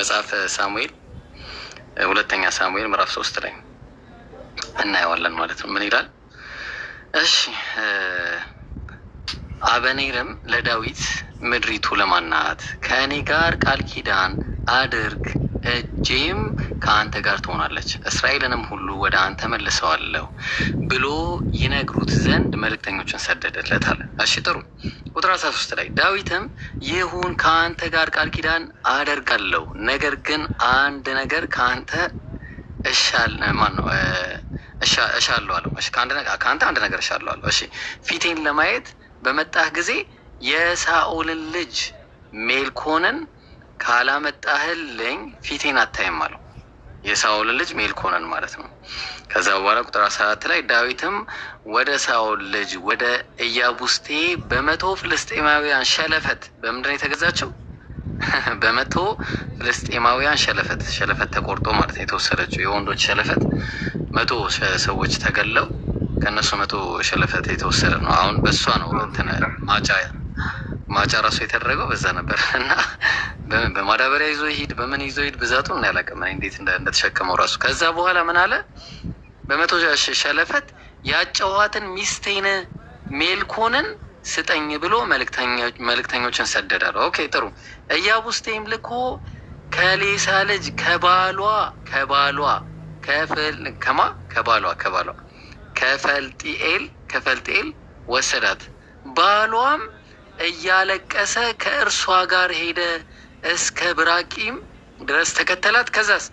መጽሐፍ ሳሙኤል ሁለተኛ ሳሙኤል ምዕራፍ ሶስት ላይ እናየዋለን ማለት ነው። ምን ይላል? እሺ አበኔርም ለዳዊት ምድሪቱ ለማን ናት? ከእኔ ጋር ቃል ኪዳን አድርግ እጄም ከአንተ ጋር ትሆናለች፣ እስራኤልንም ሁሉ ወደ አንተ መልሰዋለሁ ብሎ ይነግሩት ዘንድ መልእክተኞችን ሰደደለታል። እሺ ጥሩ። ቁጥር አስራ ሶስት ላይ ዳዊትም ይሁን ከአንተ ጋር ቃል ኪዳን አደርጋለሁ፣ ነገር ግን አንድ ነገር ከአንተ እሻለሁ ከአንተ አንድ ነገር እሻለሁ እሺ ፊቴን ለማየት በመጣህ ጊዜ የሳኦልን ልጅ ሜልኮንን ካላመጣህልኝ ፊቴን አታይም አለው። የሳኦል ልጅ ሜልኮንን ማለት ነው። ከዛ በኋላ ቁጥር አስራ አራት ላይ ዳዊትም ወደ ሳውል ልጅ ወደ እያቡስቴ በመቶ ፍልስጤማውያን ሸለፈት በምንድን የተገዛቸው? በመቶ ፍልስጤማውያን ሸለፈት ሸለፈት ተቆርጦ ማለት ነው የተወሰደችው የወንዶች ሸለፈት መቶ ሰዎች ተገለው ከእነሱ መቶ ሸለፈት የተወሰደ ነው። አሁን በእሷ ነው እንትን ማጫ ማጫ ራሱ የተደረገው በዛ ነበር እና በማዳበሪያ ይዞ ሂድ በምን ይዞ ሂድ ብዛቱ እና ያላቀመ እንዴት እንደተሸከመው ራሱ። ከዛ በኋላ ምን አለ በመቶ ሸለፈት ያጨዋትን ሚስቴን ሜልኮንን ስጠኝ ብሎ መልእክተኞችን ሰደዳል። ኦኬ ጥሩ። እያቡስቴም ልኮ ከሌሳ ልጅ ከባሏ ከባሏ ከፍል ከማ ከባሏ ከባሏ ከፈልጢኤል ከፈልጢኤል ወሰዳት ባሏም እያለቀሰ ከእርሷ ጋር ሄደ። እስከ ብራቂም ድረስ ተከተላት። ከዛስ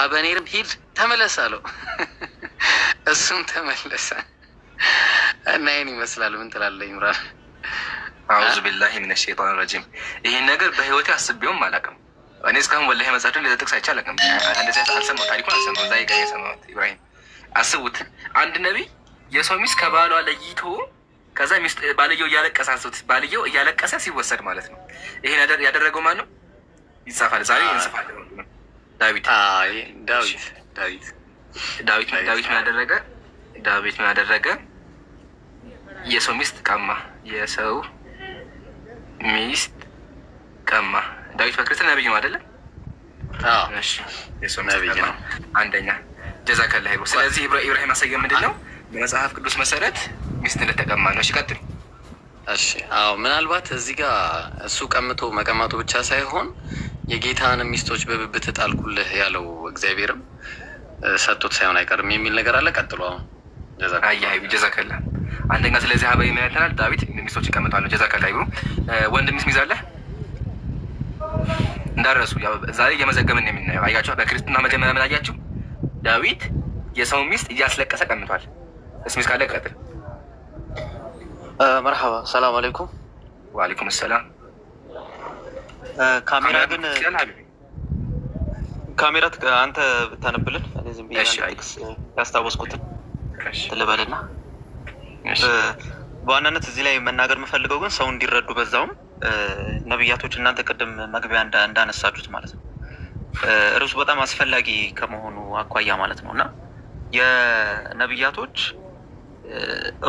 አበኔርም ሂድ ተመለስ አለው። እሱም ተመለሰ እና ይህን ይመስላል። ምን ትላለህ ይምራል? አዑዙ ቢላሂ ሚነ ሸይጣን ረጂም። ይህን ነገር በህይወቴ አስቤውም አላውቅም። እኔ እስካሁን ወላሂ መጽሐፍን ለጥቅስ አይቼ አላውቅም። እንደዚህ አልሰማሁት፣ ታሪኩን አልሰማሁት። ዛሬ ጋር የሰማት ኢብራሂም፣ አስቡት አንድ ነቢይ የሰው ሚስት ከባሏ ለይቶ ከዛ ባልየው እያለቀሰ አንስት ባልየው እያለቀሰ ሲወሰድ ማለት ነው። ይሄን ያደረገው ማን ነው? ይጻፋል። ዛሬ እንጽፋል። ዳዊት ዳዊት ዳዊት ዳዊት ዳዊት ምን ያደረገ ዳዊት ምን ያደረገ? የሰው ሚስት ቀማ። የሰው ሚስት ቀማ። ዳዊት በክርስትና ነብይ ነው አይደለም? አንደኛ ጀዛከላ። ስለዚህ ኢብራሂም አሳየ ምንድን ነው በመጽሐፍ ቅዱስ መሰረት ሚስት እንደተቀማ ነው። እሺ እሺ አዎ፣ ምናልባት እዚህ ጋር እሱ ቀምቶ መቀማቱ ብቻ ሳይሆን የጌታን ሚስቶች በብብት ጣልኩልህ ያለው እግዚአብሔርም ሰጡት ሳይሆን አይቀርም የሚል ነገር አለ። ቀጥሎ አሁን ጀዛከላ አንደኛ ስለዚህ ሀበ ይመያተናል ዳዊት ሚስቶች ይቀምጣሉ። ጀዛከላ ይብሩ ወንድ ሚስት ሚዛለህ እንዳረሱ ዛሬ እየመዘገብን ነው የምናየው። አያችሁ፣ በክርስትና መጀመሪያ ምን አያችሁ? ዳዊት የሰው ሚስት እያስለቀሰ ቀምቷል። እስሚስ ካለ ቀጥል መርሓባ ሰላም አለይኩም። ወአለይኩም ሰላም። ካሜራ ግን ካሜራ አንተ ብታነብልን ያስታወስኩትን ትልበልና በዋናነት እዚህ ላይ መናገር የምፈልገው ግን ሰው እንዲረዱ በዛውም ነብያቶች እናንተ ቅድም መግቢያ እንዳነሳችሁት ማለት ነው እርሱ በጣም አስፈላጊ ከመሆኑ አኳያ ማለት ነው እና የነብያቶች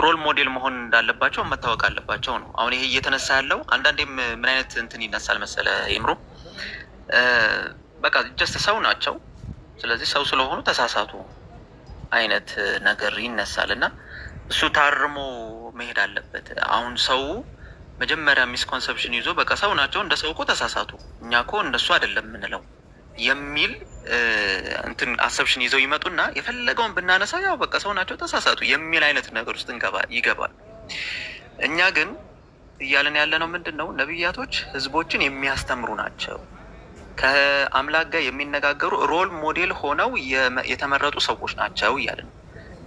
ሮል ሞዴል መሆን እንዳለባቸው መታወቅ አለባቸው ነው። አሁን ይሄ እየተነሳ ያለው አንዳንዴም ምን አይነት እንትን ይነሳል መሰለ ይምሮ በቃ ጀስት ሰው ናቸው። ስለዚህ ሰው ስለሆኑ ተሳሳቱ አይነት ነገር ይነሳል እና እሱ ታርሞ መሄድ አለበት። አሁን ሰው መጀመሪያ ሚስኮንሰፕሽን ይዞ በቃ ሰው ናቸው እንደ ሰው እኮ ተሳሳቱ፣ እኛ እኮ እንደሱ አይደለም የምንለው የሚል እንትን አሰብሽን ይዘው ይመጡና የፈለገውን ብናነሳ ያው በቃ ሰው ናቸው ተሳሳቱ የሚል አይነት ነገር ውስጥ ይገባል። እኛ ግን እያለን ያለ ነው ምንድን ነው ነቢያቶች ህዝቦችን የሚያስተምሩ ናቸው። ከአምላክ ጋር የሚነጋገሩ ሮል ሞዴል ሆነው የተመረጡ ሰዎች ናቸው ነው።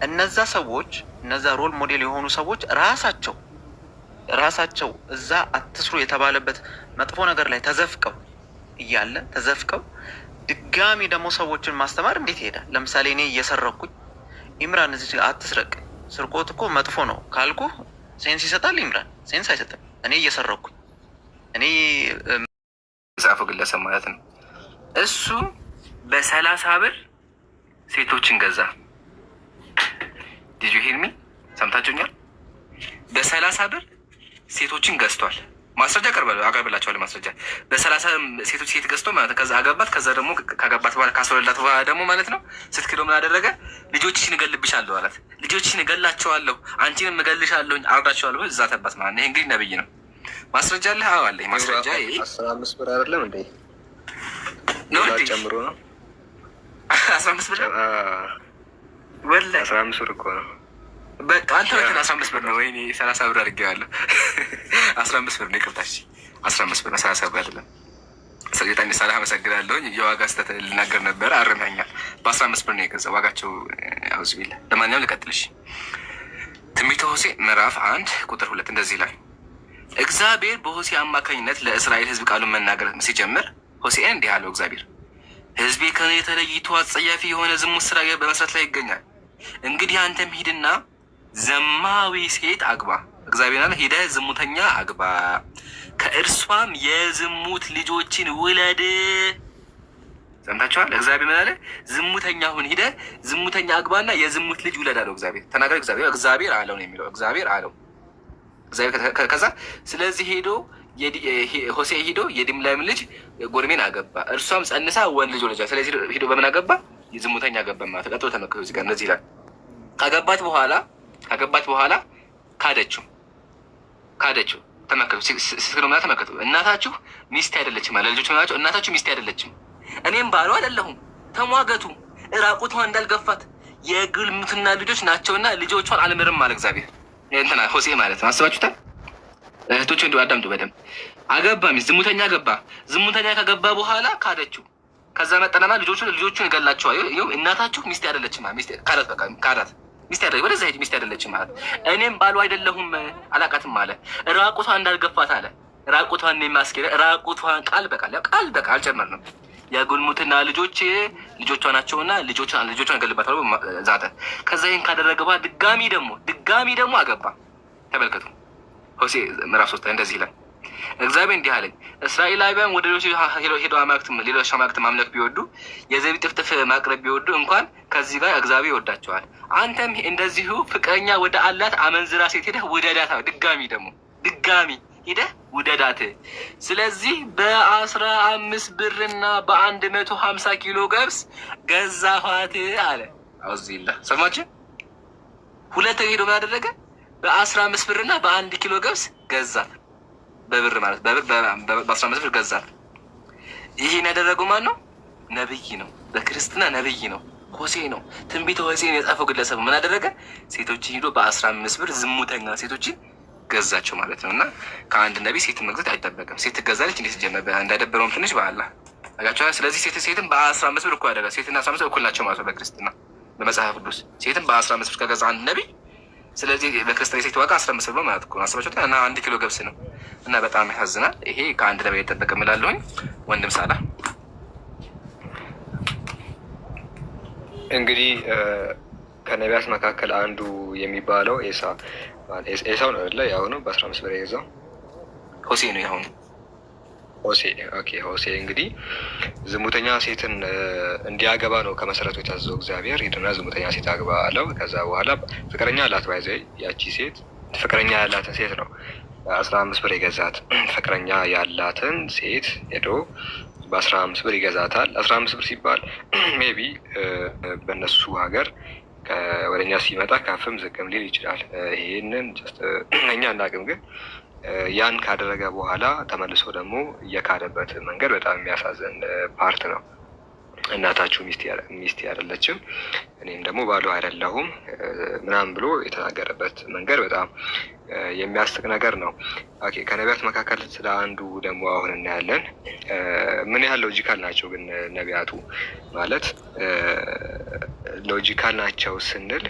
እነዛ ሰዎች እነዛ ሮል ሞዴል የሆኑ ሰዎች ራሳቸው ራሳቸው እዛ አትስሩ የተባለበት መጥፎ ነገር ላይ ተዘፍቀው እያለ ተዘፍቀው ድጋሚ ደግሞ ሰዎችን ማስተማር እንዴት ይሄዳል? ለምሳሌ እኔ እየሰረኩኝ ኢምራን እዚህ አትስረቅ፣ ስርቆት እኮ መጥፎ ነው ካልኩ ሴንስ ይሰጣል? ኢምራን ሴንስ አይሰጥም። እኔ እየሰረኩኝ እኔ የጻፈው ግለሰብ ማለት ነው። እሱ በሰላሳ ብር ሴቶችን ገዛ። ዲጁ ሄልሚ ሰምታችሁኛል። በሰላሳ ብር ሴቶችን ገዝቷል። ማስረጃ አቀርብላቸዋለሁ። ማስረጃ በሰላሳ ሴቶች ሴት ገዝቶ ማለት ከዛ አገባት። ከዛ ደግሞ ካገባት በኋላ ካስወለላት በኋላ ደግሞ ማለት ነው ስትክዶ ምን አደረገ? ልጆችሽን እገልብሻለሁ አላት። ልጆችሽን እገላቸዋለሁ፣ አንቺንም እገልሻለሁ፣ አርዳቸዋለሁ እዛ ተባት ማለት ነው። እንግዲህ ነብይ ነው። ማስረጃ አለህ? አዎ አለኝ ማስረጃ። አስራ አምስት ብር አይደለም እንዴ? ጨምሮ ነው አስራ አምስት ብር ወላሂ አስራ አምስት ብር እኮ ነው በአንተ መኪና አስራ አምስት ብር ነው ወይ ሰላሳ ብር አድርጌዋለሁ። አስራ አምስት ብር ነው ይቅርታ፣ አስራ አምስት ብር ነው ሰላሳ ብር አይደለም። ሰጌጣኝ ሳላ አመሰግናለሁኝ። የዋጋ ስህተት ልናገር ነበር አርመኛል። በአስራ አምስት ብር ነው የገዛ ዋጋቸው አውዝ አውዝቢላ። ለማንኛውም ልቀጥልሽ። ትንቢተ ሆሴ ምዕራፍ አንድ ቁጥር ሁለት እንደዚህ ይላል። እግዚአብሔር በሆሴ አማካኝነት ለእስራኤል ሕዝብ ቃሉን መናገር ሲጀምር ሆሴዕን እንዲህ አለው። እግዚአብሔር ሕዝቤ ከእኔ የተለይቶ አጸያፊ የሆነ ዝሙት ስራ በመስራት ላይ ይገኛል። እንግዲህ አንተም ሂድና ዘማዊ ሴት አግባ። እግዚአብሔር ሄደ ዝሙተኛ አግባ፣ ከእርሷም የዝሙት ልጆችን ውለድ። ሰምታችኋል። እግዚአብሔር ምን አለ? ዝሙተኛ ሁን፣ ሂደ ዝሙተኛ አግባና የዝሙት ልጅ ውለድ አለው እግዚአብሔር። ተናገረ እግዚአብሔር እግዚአብሔር አለው ነው የሚለው እግዚአብሔር አለው። እግዚአብሔር ከዛ ስለዚህ ሄዶ ሆሴ ሄዶ የዲምላይም ልጅ ጎርሜን አገባ፣ እርሷም ጸንሳ ወንድ ልጅ ወለጃ። ስለዚህ ሄዶ በምን አገባ? የዝሙተኛ አገባ ማለት ተቀጥሎ ተመክሮ እዚህ ጋር እንደዚህ ይላል። ካገባት በኋላ ካገባት በኋላ ካደችው ካደችው። ተመከቱ ስትክዶ ምላ ተመከቱ። እናታችሁ ሚስት አይደለችም አለ ልጆች ናቸው። እናታችሁ ሚስት አይደለችም፣ እኔም ባሉ አይደለሁም። ተሟገቱ፣ እራቁቷ እንዳልገፋት የግልሙትና ልጆች ናቸውና ልጆቿን አልምርም አለ እግዚአብሔር። እንትና ሆሴ ማለት ነው። አስባችሁታል? እህቶች እንዲ አዳምጡ በደንብ። አገባ ሚስት ዝሙተኛ ገባ። ዝሙተኛ ከገባ በኋላ ካደችው። ከዛ መጠናና ልጆቹን ልጆቹን ይገላቸዋል። እናታችሁ ሚስት አይደለችም ካዳት፣ በቃ ካዳት ሚስት ያደ ወደዛ ሄድ ሚስት ያደለችም ማለት እኔም ባሉ አይደለሁም አላቃትም አለ። ራቁቷን እንዳልገፋት አለ። ራቁቷን የማስኬ ራቁቷን ቃል በቃል ቃል በቃል አልጨመርንም። የጉልሙትና ልጆች ልጆቿ ናቸውና ልጆቿን እገልባታለሁ ዛተ። ከዛ ይህን ካደረገ በኋላ ድጋሚ ደግሞ ድጋሚ ደግሞ አገባ። ተመልከቱ ሆሴ ምዕራፍ ሶስት እንደዚህ ይላል እግዚአብሔር እንዲህ አለኝ፣ እስራኤላውያን ወደ ሌሎች ሄደው አማልክት ሌሎች አማልክት ማምለክ ቢወዱ የዘቢ ጥፍጥፍ ማቅረብ ቢወዱ እንኳን ከዚህ ጋር እግዚአብሔር ይወዳቸዋል። አንተም እንደዚሁ ፍቅረኛ ወደ አላት አመንዝራ ሴት ሄደህ ውደዳት። ድጋሚ ደግሞ ድጋሚ ሂደህ ውደዳት። ስለዚህ በአስራ አምስት ብርና በአንድ መቶ ሀምሳ ኪሎ ገብስ ገዛኋት አለ። አውዚላ ሰማችን። ሁለተኛ ሄዶ ምን አደረገ? በአስራ አምስት ብርና በአንድ ኪሎ ገብስ ገዛት። በብር ማለት በብር በአስራ አምስት ብር ገዛት። ይህን ያደረገው ማን ነው? ነብይ ነው። በክርስትና ነብይ ነው። ሆሴ ነው። ትንቢተ ሆሴን የጻፈው ግለሰብ ምን አደረገ? ሴቶችን ሂዶ በአስራ አምስት ብር ዝሙተኛ ሴቶችን ገዛቸው ማለት ነው። እና ከአንድ ነቢይ ሴት መግዛት አይጠበቅም። ሴት ትገዛለች እንዴት ጀመበ እንዳደበረውም ትንሽ በአላ አጋቸ ስለዚህ ሴት ሴትን በአስራ አምስት ብር እኩል ያደርጋል። ሴትና አስራ አምስት ብር እኩል ናቸው ማለት ነው በክርስትና በመጽሐፍ ቅዱስ ሴትን በአስራ አምስት ብር ከገዛ አንድ ነቢይ ስለዚህ በክርስትና የሴት ዋጋ አስራ አምስት ብር ማለት አስባችሁት እና አንድ ኪሎ ገብስ ነው እና በጣም ያሳዝናል። ይሄ ከአንድ ለበ የጠበቅ ምላለሁኝ ወንድም ሳላ እንግዲህ ከነቢያት መካከል አንዱ የሚባለው ኤሳ ኤሳው ነው ያው ነው በአስራ አምስት ብር የገዛው ሆሴ ነው ያሁኑ ሆሴ ኦኬ። ሆሴ እንግዲህ ዝሙተኛ ሴትን እንዲያገባ ነው ከመሰረቱ የታዘዘው እግዚአብሔር። ሂድና ዝሙተኛ ሴት አግባ አለው። ከዛ በኋላ ፍቅረኛ ያላት ባይዘ ያቺ ሴት ፍቅረኛ ያላትን ሴት ነው አስራ አምስት ብር ይገዛት ፍቅረኛ ያላትን ሴት ሄዶ በአስራ አምስት ብር ይገዛታል። አስራ አምስት ብር ሲባል ሜቢ በእነሱ ሀገር ወደኛ ሲመጣ ከፍም ዝቅም ሊል ይችላል። ይህንን እኛ እናቅም ግን ያን ካደረገ በኋላ ተመልሶ ደግሞ እየካደበት መንገድ በጣም የሚያሳዝን ፓርት ነው። እናታችሁ ሚስት ያደለችም እኔም ደግሞ ባሉ አይደለሁም ምናምን ብሎ የተናገረበት መንገድ በጣም የሚያስቅ ነገር ነው። ከነቢያት መካከል ስለ አንዱ ደግሞ አሁን እናያለን። ምን ያህል ሎጂካል ናቸው ግን ነቢያቱ ማለት ሎጂካል ናቸው ስንል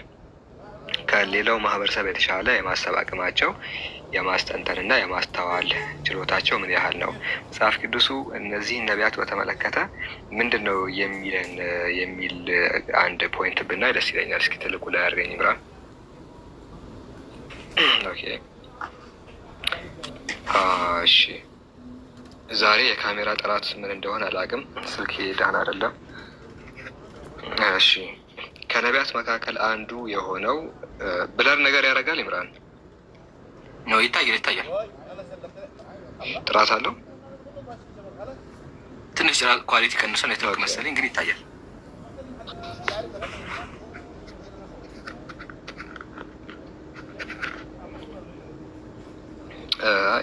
ከሌላው ማህበረሰብ የተሻለ የማሰብ አቅማቸው የማስጠንጠን እና የማስተዋል ችሎታቸው ምን ያህል ነው? መጽሐፍ ቅዱሱ እነዚህን ነቢያት በተመለከተ ምንድን ነው የሚለን የሚል አንድ ፖይንት ብናይ ደስ ይለኛል። እስኪ ትልቁ ላይ አድርገኝ ይምራል። እሺ ዛሬ የካሜራ ጠላት ምን እንደሆነ አላውቅም። ስልክ ዳን አይደለም። እሺ ከነቢያት መካከል አንዱ የሆነው ብለር ነገር ያደርጋል ይምራን? ነው። ይታያል ይታያል። ጥራት አለው። ትንሽ ኳሊቲ ቀንሶ ኔትወርክ መሰለኝ፣ ግን ይታያል።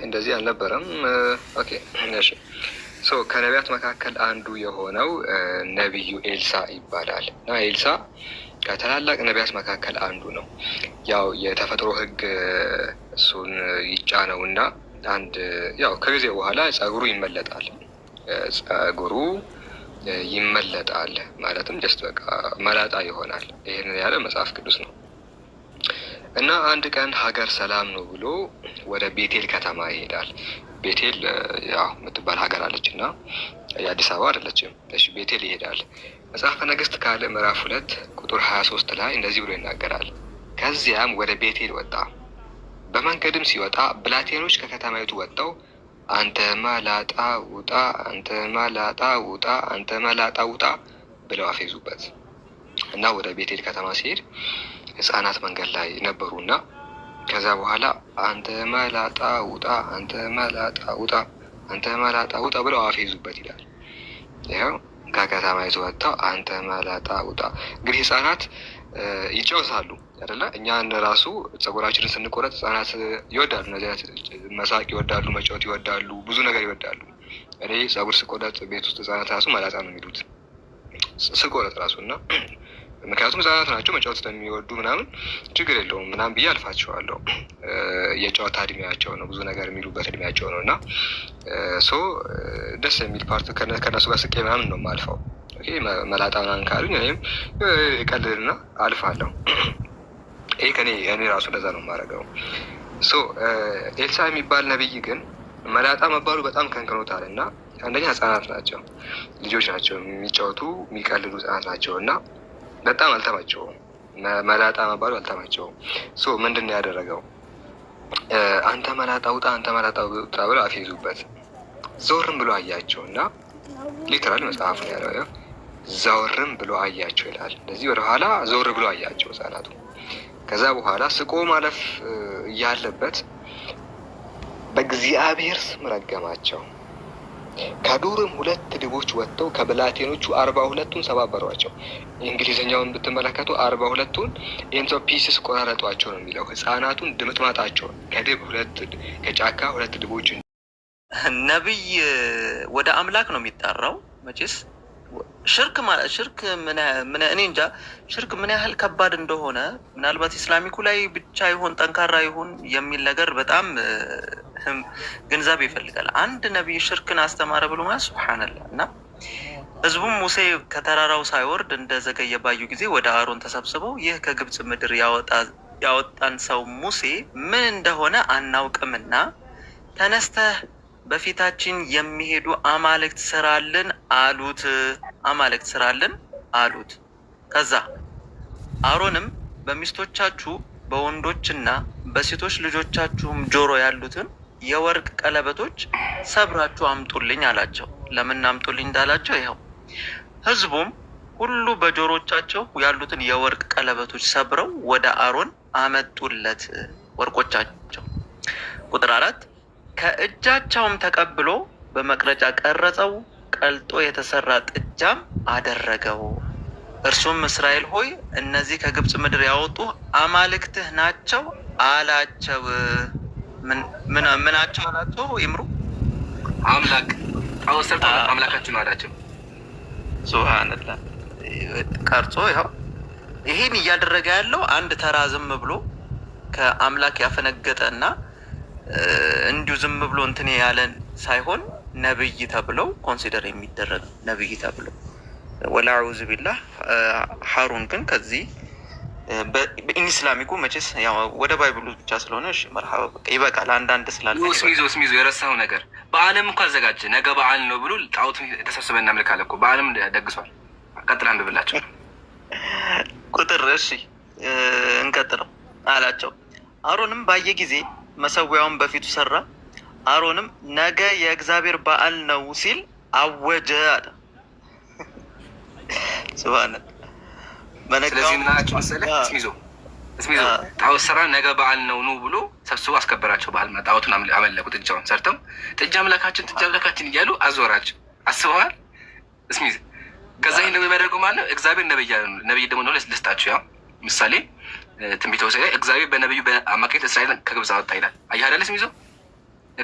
እንደዚህ አልነበረም። ኦኬ ሶ ከነቢያት መካከል አንዱ የሆነው ነቢዩ ኤልሳ ይባላል እና ኤልሳ ከታላላቅ ነቢያት መካከል አንዱ ነው። ያው የተፈጥሮ ህግ እሱን ይጫነው እና አንድ ያው ከጊዜ በኋላ ጸጉሩ ይመለጣል። ጸጉሩ ይመለጣል ማለትም ጀስት በቃ መላጣ ይሆናል። ይህንን ያለ መጽሐፍ ቅዱስ ነው። እና አንድ ቀን ሀገር ሰላም ነው ብሎ ወደ ቤቴል ከተማ ይሄዳል። ቤቴል ያው የምትባል ሀገር አለች እና የአዲስ አበባ አይደለችም። እሺ ቤቴል ይሄዳል። መጽሐፈ ነገስት ካለ ምዕራፍ ሁለት ቁጥር ሀያ ሶስት ላይ እንደዚህ ብሎ ይናገራል ከዚያም ወደ ቤቴል ወጣ። በመንገድም ሲወጣ ብላቴኖች ከከተማይቱ ወጥተው አንተ ማላጣ ውጣ፣ አንተ ማላጣ ውጣ፣ አንተ ማላጣ ውጣ ብለው አፌዙበት እና ወደ ቤቴል ከተማ ሲሄድ ህፃናት መንገድ ላይ ነበሩና ከዚያ በኋላ አንተ ማላጣ ውጣ፣ አንተ ማላጣ ውጣ፣ አንተ ማላጣ ውጣ ብለው አፌዙበት ይላል። ይኸው ከከተማይቱ ወጥተው አንተ ማላጣ ውጣ። እንግዲህ ህፃናት ይጫወታሉ። አይደለ? እኛን ራሱ ጸጉራችንን ስንቆረጥ ህጻናት ይወዳሉ፣ መሳቅ ይወዳሉ፣ መጫወት ይወዳሉ፣ ብዙ ነገር ይወዳሉ። እኔ ፀጉር ስቆረጥ ቤት ውስጥ ህጻናት ራሱ ማላጣ ነው የሚሉት ስቆረጥ ራሱ እና ምክንያቱም ህጻናት ናቸው መጫወት ስለሚወዱ ምናምን ችግር የለውም ምናምን ብዬ አልፋቸዋለሁ። የጨዋታ እድሜያቸው ነው፣ ብዙ ነገር የሚሉበት እድሜያቸው ነው እና ሶ ደስ የሚል ፓርት ከእነሱ ጋር ስቄ ምናምን ነው የማልፈው። መላጣ ምናምን ካሉኝ ወይም ቀልድና አልፋለሁ። ይሄ ከኔ እኔ ራሱ ለዛ ነው የማደርገው። ሶ ኤልሳ የሚባል ነብይ ግን መላጣ መባሉ በጣም ከንክኖታል እና አንደኛ ህጻናት ናቸው፣ ልጆች ናቸው፣ የሚጫወቱ የሚቀልሉ ህጻናት ናቸው እና በጣም አልተመቸውም። መላጣ መባሉ አልተመቸውም። ሶ ምንድን ነው ያደረገው? አንተ መላጣ ውጣ፣ አንተ መላጣ ውጣ ብለው አፌዙበት። ዞርም ብሎ አያቸው እና ሊትራል መጽሐፉ ያለው። ብሎ አያቸው ይላል። እንደዚህ ወደኋላ ዞር ብሎ አያቸው ህጻናቱ ከዛ በኋላ ስቆ ማለፍ እያለበት በእግዚአብሔር ስም ረገማቸው። ከዱርም ሁለት ድቦች ወጥተው ከብላቴኖቹ አርባ ሁለቱን ሰባበሯቸው። እንግሊዝኛውን ብትመለከቱ አርባ ሁለቱን ኢንቶ ፒስስ ቆራረጧቸው ነው የሚለው። ህጻናቱን ድምጥማጣቸውን ከድብ ሁለት ከጫካ ሁለት ድቦች ነቢይ ወደ አምላክ ነው የሚጠራው መቼስ ሽርክ ማለት ሽርክ እኔ እንጃ ሽርክ ምን ያህል ከባድ እንደሆነ ምናልባት ኢስላሚኩ ላይ ብቻ ይሆን ጠንካራ ይሆን የሚል ነገር በጣም ግንዛቤ ይፈልጋል። አንድ ነቢይ ሽርክን አስተማረ ብሎ ማለት ሱብሓነላ እና ህዝቡም ሙሴ ከተራራው ሳይወርድ እንደዘገየ ባዩ ጊዜ ወደ አሮን ተሰብስበው ይህ ከግብፅ ምድር ያወጣን ሰው ሙሴ ምን እንደሆነ አናውቅምና ተነስተህ በፊታችን የሚሄዱ አማልክት ስራልን አሉት። አማልክት ስራልን አሉት። ከዛ አሮንም በሚስቶቻችሁ በወንዶችና በሴቶች ልጆቻችሁም ጆሮ ያሉትን የወርቅ ቀለበቶች ሰብራችሁ አምጡልኝ አላቸው። ለምን አምጡልኝ እንዳላቸው ይኸው ህዝቡም ሁሉ በጆሮቻቸው ያሉትን የወርቅ ቀለበቶች ሰብረው ወደ አሮን አመጡለት ወርቆቻቸው። ቁጥር አራት ከእጃቸውም ተቀብሎ በመቅረጫ ቀረጸው፣ ቀልጦ የተሰራ ጥጃም አደረገው። እርሱም እስራኤል ሆይ እነዚህ ከግብፅ ምድር ያወጡ አማልክትህ ናቸው አላቸው። ምናቸው አላቸው? ይምሩ አምላክ አምላካችን አላቸው። ሱብሃንላ ቀርጾ ይኸው ይህን እያደረገ ያለው አንድ ተራ ዝም ብሎ ከአምላክ ያፈነገጠ እና እንዲሁ ዝም ብሎ እንትን ያለን ሳይሆን ነብይ ተብለው ኮንሲደር የሚደረግ ነብይ ተብለው ወላ አዑዝ ቢላህ ሀሩን ግን ከዚህ በኢስላሚኩ መቼስ ወደ ባይብሉ ብቻ ስለሆነ መርሃባ ይበቃል። አንዳንድ ስላለስሚዞ ስሚዞ የረሳው ነገር በዓለም እኮ አዘጋጀ ነገ በዓል ነው ብሎ ጣዖት ተሰብስበ እናምልካለ እኮ በዓለም ደግሷል። ቀጥል አንድ ብላቸው ቁጥር እሺ እንቀጥለው አላቸው። አሮንም ባየ ጊዜ መሰዊያውን በፊቱ ሰራ። አሮንም ነገ የእግዚአብሔር በዓል ነው ሲል አወጀ አለ። ስብሃነት ጣዖት ስራ ነገ በዓል ነው ኑ ብሎ ሰብስቦ አስከበራቸው። በዓል ጣዖቱን አመለኩ። ጥጃውን ሰርተው ጥጃ አምላካችን ጥጃ አምላካችን እያሉ አዞራቸው። አስበዋል እስሚዝ ከዛ ይህ የሚያደርገው ማለት ነው። እግዚአብሔር ነብይ ደግሞ ነው። ልስጣችሁ ያው ምሳሌ ትንቢተ ሆሴዕ ላይ እግዚአብሔር በነቢዩ አማካኝነት እስራኤልን ከግብፅ አወጣ ይላል። አየህ አይደል? ስም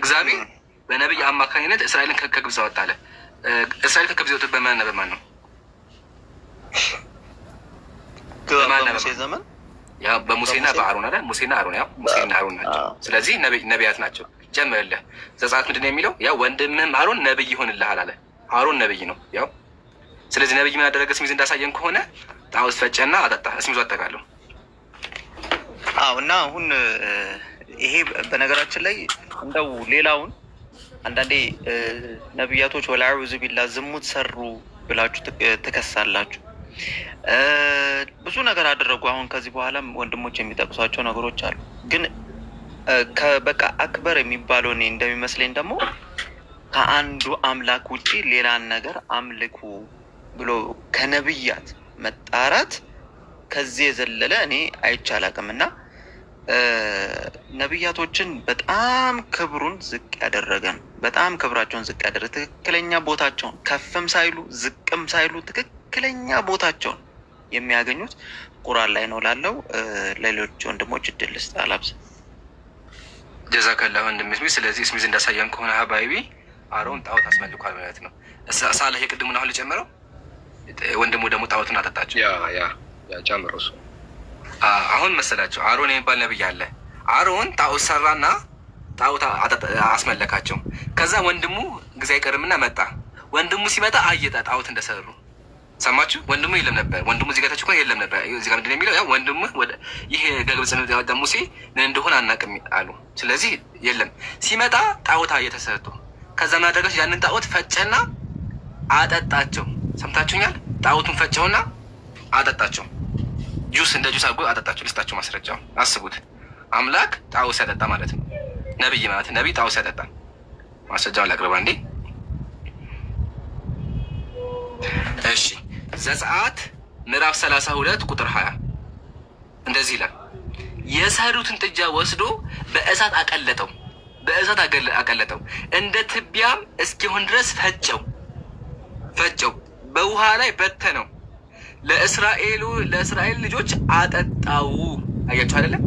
እግዚአብሔር በነቢይ አማካኝነት እስራኤልን ከግብፅ አወጣ አለ። እስራኤል ከግብፅ ወጡት በማንና በማን ነው? ዘመን በሙሴና በአሮን አለ። ሙሴና አሮን ያው ሙሴና አሮን ናቸው። ስለዚህ ነቢያት ናቸው። ጀምርልህ ዘጸአት ምንድን ነው የሚለው? ያው ወንድምህም አሮን ነብይ ይሆንልሃል አለ። አሮን ነብይ ነው። ያው ስለዚህ ነብይ ምን ያደረገ ስሚዝ እንዳሳየን ከሆነ ጣውስ ፈጨና አጠጣ። ስሚዞ አጠቃለሁ አዎ እና አሁን ይሄ በነገራችን ላይ እንደው ሌላውን አንዳንዴ ነቢያቶች ወላዑዙ ቢላ ዝሙት ሰሩ ብላችሁ ትከሳላችሁ። ብዙ ነገር አደረጉ። አሁን ከዚህ በኋላም ወንድሞች የሚጠቅሷቸው ነገሮች አሉ። ግን በቃ አክበር የሚባለው እኔ እንደሚመስለኝ ደግሞ ከአንዱ አምላክ ውጪ ሌላን ነገር አምልኩ ብሎ ከነብያት መጣራት ከዚህ የዘለለ እኔ አይቻላቅም እና ነቢያቶችን በጣም ክብሩን ዝቅ ያደረገ ነው። በጣም ክብራቸውን ዝቅ ያደረገ ትክክለኛ ቦታቸውን ከፍም ሳይሉ ዝቅም ሳይሉ ትክክለኛ ቦታቸውን የሚያገኙት ቁራን ላይ ነው። ላለው ለሌሎች ወንድሞች እድል ስጥ አላብስ ጀዛከላ ወንድም ስሚ። ስለዚህ ስሚዝ እንዳሳያን ከሆነ ሀባይቢ አሮን ጣዖት አስመልኳል ማለት ነው። ሳላህ የቅድሙን አሁን ልጨምረው፣ ወንድሙ ደግሞ ጣዖቱን አጠጣቸው ያ ያ ያ ጨምረው አሁን መሰላቸው አሮን የሚባል ነብይ አለ። አሮን ጣዖት ሰራና ጣዖት አስመለካቸው። ከዛ ወንድሙ ጊዜ አይቀርምና መጣ። ወንድሙ ሲመጣ አየጣ ጣዖት እንደሰሩ ሰማችሁ። ወንድሙ የለም ነበር። ወንድሙ እዚህ ጋታችሁ ተችኮ የለም ነበር። እዚህ ጋር ምንድን የሚለው ያው ወንድሙ ይህ ከግብፅ የወጣ ሙሴ ምን እንደሆነ አናቅም አሉ። ስለዚህ የለም ሲመጣ ጣዖት እየተሰጡ ከዛ ምን ያንን ጣዖት ፈጨና አጠጣቸው። ሰምታችሁኛል። ጣዖቱን ፈጨውና አጠጣቸው። ጁስ እንደ ጁስ አድርጎ አጠጣቸው። ልስጣቸው ማስረጃው። አስቡት፣ አምላክ ጣዖስ ያጠጣ ማለት ነው። ነብይ ማለት ነቢይ ጣዖስ ያጠጣ። ማስረጃውን ላቅርባ እንዴ። እሺ፣ ዘጸአት ምዕራፍ 32 ቁጥር 20 እንደዚህ ይላል፣ የሰሩትን ጥጃ ወስዶ በእሳት አቀለጠው፣ በእሳት አቀለጠው፣ እንደ ትቢያም እስኪሆን ድረስ ፈጨው፣ ፈጨው፣ በውሃ ላይ በተነው ለእስራኤሉ ለእስራኤል ልጆች አጠጣው። አያችሁ አይደለም?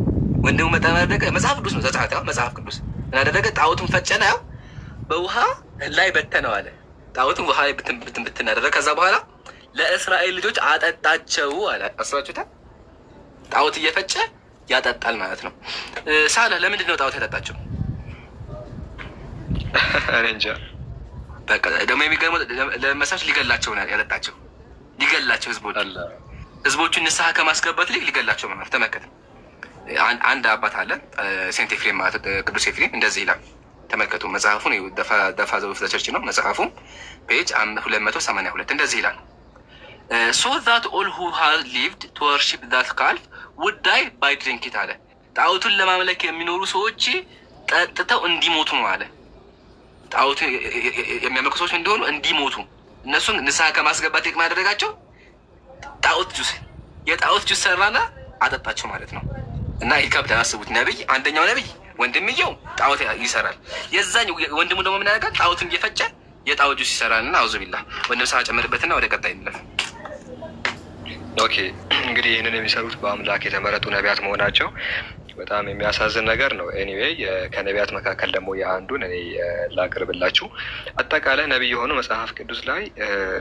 ወንድሙ መጠን አደረገ። መጽሐፍ ቅዱስ ነው ዘጸአት፣ ያው መጽሐፍ ቅዱስ እናደረገ ጣዖቱን ፈጨነ፣ ያው በውሃ ላይ በተነው አለ። ጣዖቱን ውሃ ላይ ብትን ብትን ብትን አደረገ። ከዛ በኋላ ለእስራኤል ልጆች አጠጣቸው አለ። አስባችሁታል? ጣዖት እየፈጨ ያጠጣል ማለት ነው። ሳለ ለምንድን ነው ጣዖት ያጠጣቸው? እንጃ በቃ ደግሞ የሚገርመው ለመሳች ሊገላቸው ያጠጣቸው ሊገላቸው ህዝቦች ህዝቦቹን ንስሐ ከማስገባት ይልቅ ሊገላቸው መመር ተመከት አንድ አባት አለ ሴንት ኤፍሬም ቅዱስ ኤፍሬም እንደዚህ ይላል። ተመልከቱ መጽሐፉን ደፋ ዘ ዘቸርች ነው መጽሐፉ ፔጅ 282 እንደዚህ ይላል ሶ ዛት ኦል ሁ ሃቭ ሊቭድ ቱ ወርሺፕ ዛት ካልፍ ውድ ባይ ድሪንኪት አለ። ጣዖቱን ለማምለክ የሚኖሩ ሰዎች ጠጥተው እንዲሞቱ ነው አለ። ጣዖቱን የሚያመልኩ ሰዎች እንዲሆኑ እንዲሞቱ እነሱን ንስሐ ከማስገባት ጥቅ ማድረጋቸው ጣዖት ጁስ የጣዖት ጁስ ሰራና አጠጣቸው ማለት ነው። እና ይከብዳል። አስቡት። ነብይ አንደኛው ነብይ ወንድምየው ጣዖት ይሰራል። የዛኝ ወንድሙ ደግሞ ምን ያደርጋል? ጣዖትን እየፈጨ የጣዖት ጁስ ይሰራል። እና አውዙ ቢላ ወንድም ሰ ጨምርበትና ወደ ቀጣይ ንለፍ። ኦኬ እንግዲህ ይህንን የሚሰሩት በአምላክ የተመረጡ ነቢያት መሆናቸው በጣም የሚያሳዝን ነገር ነው። ኤኒዌይ ከነቢያት መካከል ደግሞ የአንዱን እኔ ላቅርብላችሁ። አጠቃላይ ነቢይ የሆኑ መጽሐፍ ቅዱስ ላይ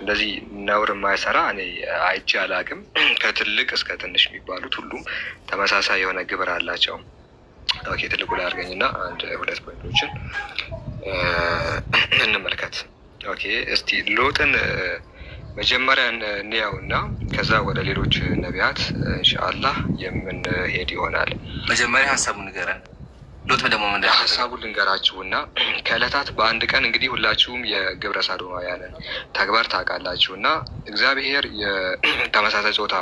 እንደዚህ ነውር የማይሰራ እኔ አይቼ አላቅም። ከትልቅ እስከ ትንሽ የሚባሉት ሁሉም ተመሳሳይ የሆነ ግብር አላቸው። ኦኬ ትልቁ ላይ አድርገኝና አንድ ሁለት ፖይንቶችን እንመልከት። ኦኬ እስቲ ሎጥን መጀመሪያ እንያው እና ከዛ ወደ ሌሎች ነቢያት እንሻአላህ የምንሄድ ይሆናል። መጀመሪያ ሀሳቡ ንገረን። ሎት ደግሞ ምን ሀሳቡን ልንገራችሁ እና ከእለታት በአንድ ቀን እንግዲህ ሁላችሁም የግብረ ሳዶማውያንን ተግባር ታውቃላችሁ እና እግዚአብሔር የተመሳሳይ ጾታ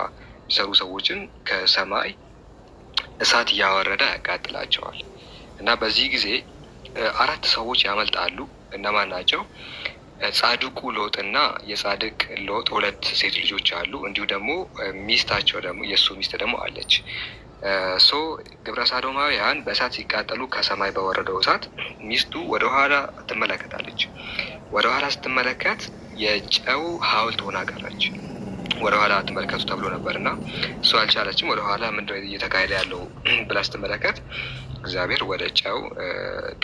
የሚሰሩ ሰዎችን ከሰማይ እሳት እያወረደ ያቃጥላቸዋል እና በዚህ ጊዜ አራት ሰዎች ያመልጣሉ። እነማን ናቸው? ጻድቁ ሎጥና የጻድቅ ሎጥ ሁለት ሴት ልጆች አሉ። እንዲሁ ደግሞ ሚስታቸው ደግሞ የእሱ ሚስት ደግሞ አለች። ሶ ግብረ ሳዶማውያን በእሳት ሲቃጠሉ ከሰማይ በወረደው እሳት ሚስቱ ወደኋላ ትመለከታለች። ወደኋላ ስትመለከት የጨው ሐውልት ሆና ቀረች። ወደኋላ ትመለከቱ ተብሎ ነበር እና እሱ አልቻለችም። ወደኋላ ምንድን ነው እየተካሄደ ያለው ብላ ስትመለከት እግዚአብሔር ወደ ጨው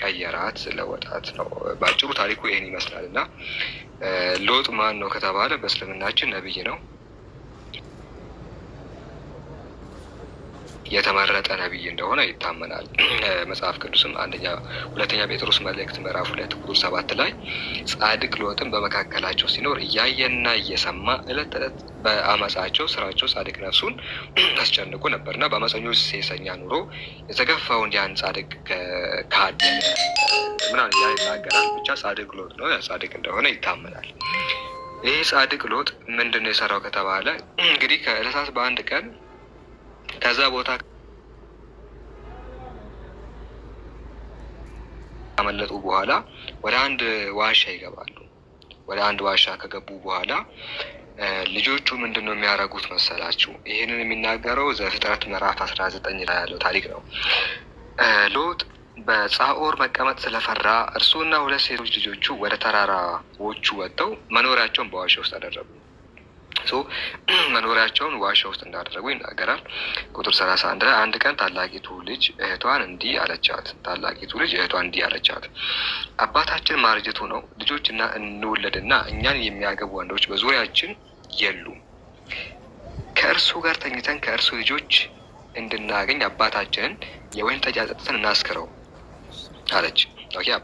ቀየራት ለወጣት ነው። በአጭሩ ታሪኩ ይህን ይመስላል እና ሎጥ ማን ነው ከተባለ በእስልምናችን ነብይ ነው። የተመረጠ ነቢይ እንደሆነ ይታመናል። መጽሐፍ ቅዱስም አንደኛ ሁለተኛ ጴጥሮስ መልእክት ምዕራፍ ሁለት ቁጥር ሰባት ላይ ጻድቅ ሎጥን በመካከላቸው ሲኖር እያየና እየሰማ እለት ዕለት በአመፃቸው ስራቸው ጻድቅ ነፍሱን አስጨንቁ ነበርና በአመፀኞች ሴሰኛ ኑሮ የተገፋውን ያን ጻድቅ ካደ ምናምን ያ ይናገራል። ብቻ ጻድቅ ሎጥ ነው ጻድቅ እንደሆነ ይታመናል። ይህ ጻድቅ ሎጥ ምንድን ነው የሰራው ከተባለ እንግዲህ ከእለታት በአንድ ቀን ከዛ ቦታ ካመለጡ በኋላ ወደ አንድ ዋሻ ይገባሉ። ወደ አንድ ዋሻ ከገቡ በኋላ ልጆቹ ምንድን ነው የሚያደርጉት መሰላችሁ? ይህንን የሚናገረው ዘፍጥረት ምዕራፍ አስራ ዘጠኝ ላይ ያለው ታሪክ ነው። ሎጥ በጻኦር መቀመጥ ስለፈራ እርሱና ሁለት ሴቶች ልጆቹ ወደ ተራራዎቹ ወጥተው መኖሪያቸውን በዋሻ ውስጥ አደረጉ። መኖሪያቸውን ዋሻ ውስጥ እንዳደረጉ ይናገራል። ቁጥር ሰላሳ አንድ ላይ አንድ ቀን ታላቂቱ ልጅ እህቷን እንዲህ አለቻት። ታላቂቱ ልጅ እህቷን እንዲህ አለቻት፣ አባታችን ማርጀቱ ነው። ልጆችና እንወለድና እኛን የሚያገቡ ወንዶች በዙሪያችን የሉም። ከእርሱ ጋር ተኝተን ከእርሱ ልጆች እንድናገኝ አባታችንን የወይን ጠጅ አጠጥተን እናስክረው አለች።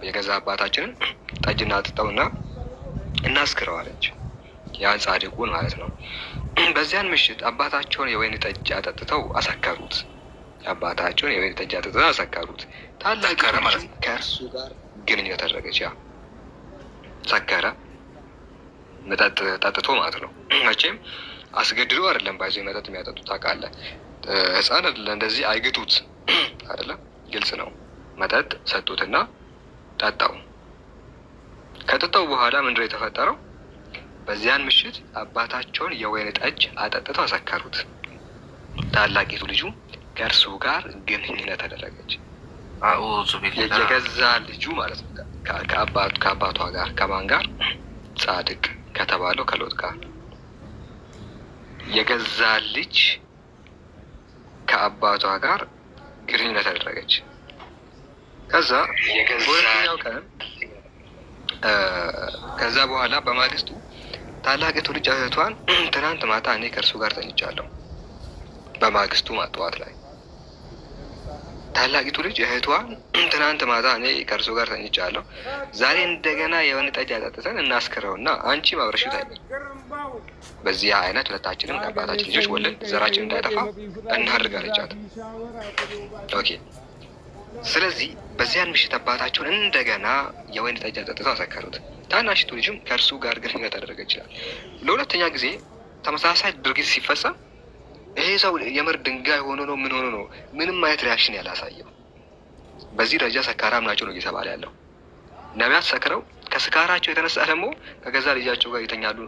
የገዛ አባታችንን ጠጅ እናጥጠውና እናስክረው አለች። ያን ጻድቁን ማለት ነው። በዚያን ምሽት አባታቸውን የወይን ጠጅ አጠጥተው አሰከሩት። አባታቸውን የወይን ጠጅ አጠጥተው አሰከሩት። ታላቅ ከእርሱ ጋር ግንኙነት አደረገች። ያ ሰከረ መጠጥ ጠጥቶ ማለት ነው። መቼም አስገድዶ አይደለም። ባይዞ መጠጥ የሚያጠጡት ታውቃለህ፣ ህፃን አይደለ እንደዚህ አይግጡት አይደለ ግልጽ ነው። መጠጥ ሰጡትና ጠጣው። ከጠጣው በኋላ ምንድነው የተፈጠረው? በዚያን ምሽት አባታቸውን የወይን ጠጅ አጠጥተው አሰከሩት። ታላቂቱ ልጁ ከእርሱ ጋር ግንኙነት አደረገች። የገዛ ልጁ ማለት ከአባቷ ጋር ከማን ጋር? ጻድቅ ከተባለው ከሎጥ ጋር የገዛ ልጅ ከአባቷ ጋር ግንኙነት አደረገች። ከዛ ቀን ከዛ በኋላ በማግስቱ ታላቂቱ ልጅ እህቷን ትናንት ማታ እኔ ከእርሱ ጋር ተኝቻለሁ። በማግስቱ ጠዋት ላይ ታላቂቱ ልጅ እህቷን ትናንት ማታ እኔ ከእርሱ ጋር ተኝቻለሁ። ዛሬ እንደገና የሆነ ጠጅ አጠጥተን እናስክረውና አንቺ ማብረሽ ተኝ። በዚህ አይነት ሁለታችንም ከአባታችን ልጆች ወለድ ዘራችን እንዳይጠፋ እናድርግ ኦኬ። ስለዚህ በዚያን ምሽት አባታቸውን እንደገና የወይን ጠጅ አጠጥተው አሰከሩት። ታናሽቱ ልጅም ከእርሱ ጋር ግንኙነት አደረገ ይችላል። ለሁለተኛ ጊዜ ተመሳሳይ ድርጊት ሲፈጸም ይሄ ሰው የምር ድንጋይ ሆኖ ነው ምን ሆኖ ነው ምንም አይነት ሪያክሽን ያላሳየው። በዚህ ደረጃ ሰካራም ናቸው ነው እየተባለ ያለው። ነቢያት ሰክረው ከስካራቸው የተነሳ ደግሞ ከገዛ ልጃቸው ጋር ይተኛሉ።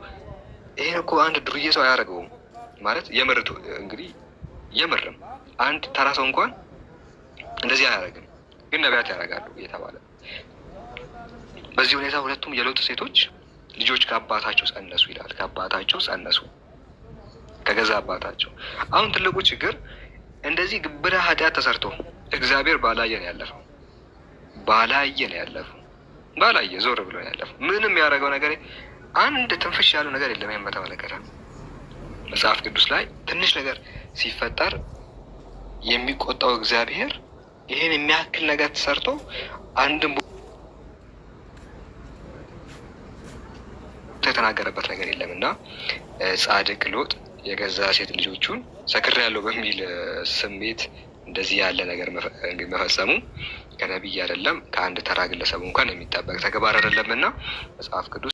ይሄ እኮ አንድ ዱርዬ ሰው አያደርገውም ማለት የምር እንግዲህ የምርም አንድ ተራ ሰው እንኳን እንደዚህ አያደርግም፣ ግን ነቢያት ያደርጋሉ እየተባለ በዚህ ሁኔታ ሁለቱም የሎጥ ሴቶች ልጆች ከአባታቸው ጸነሱ ይላል። ከአባታቸው ጸነሱ ከገዛ አባታቸው። አሁን ትልቁ ችግር እንደዚህ ግብረ ኃጢአት ተሰርቶ እግዚአብሔር ባላየ ነው ያለፈው፣ ባላየ ነው ያለፈው፣ ባላየ ዞር ብሎ ነው ያለፈው። ምንም ያደረገው ነገር አንድ ትንፍሽ ያለው ነገር የለም። በተመለከተ መጽሐፍ ቅዱስ ላይ ትንሽ ነገር ሲፈጠር የሚቆጣው እግዚአብሔር ይህን የሚያክል ነገር ተሰርቶ አንድም የተናገረበት ነገር የለም እና ጻድቅ ሎጥ የገዛ ሴት ልጆቹን ሰክር ያለው በሚል ስሜት እንደዚህ ያለ ነገር መፈጸሙ ከነቢይ አይደለም ከአንድ ተራ ግለሰቡ እንኳን የሚጠበቅ ተግባር አይደለም እና መጽሐፍ ቅዱስ